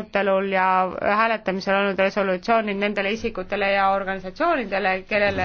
arutelul ja hääletamisel olnud resolutsioonid nendele isikutele ja organisatsioonidele, kellele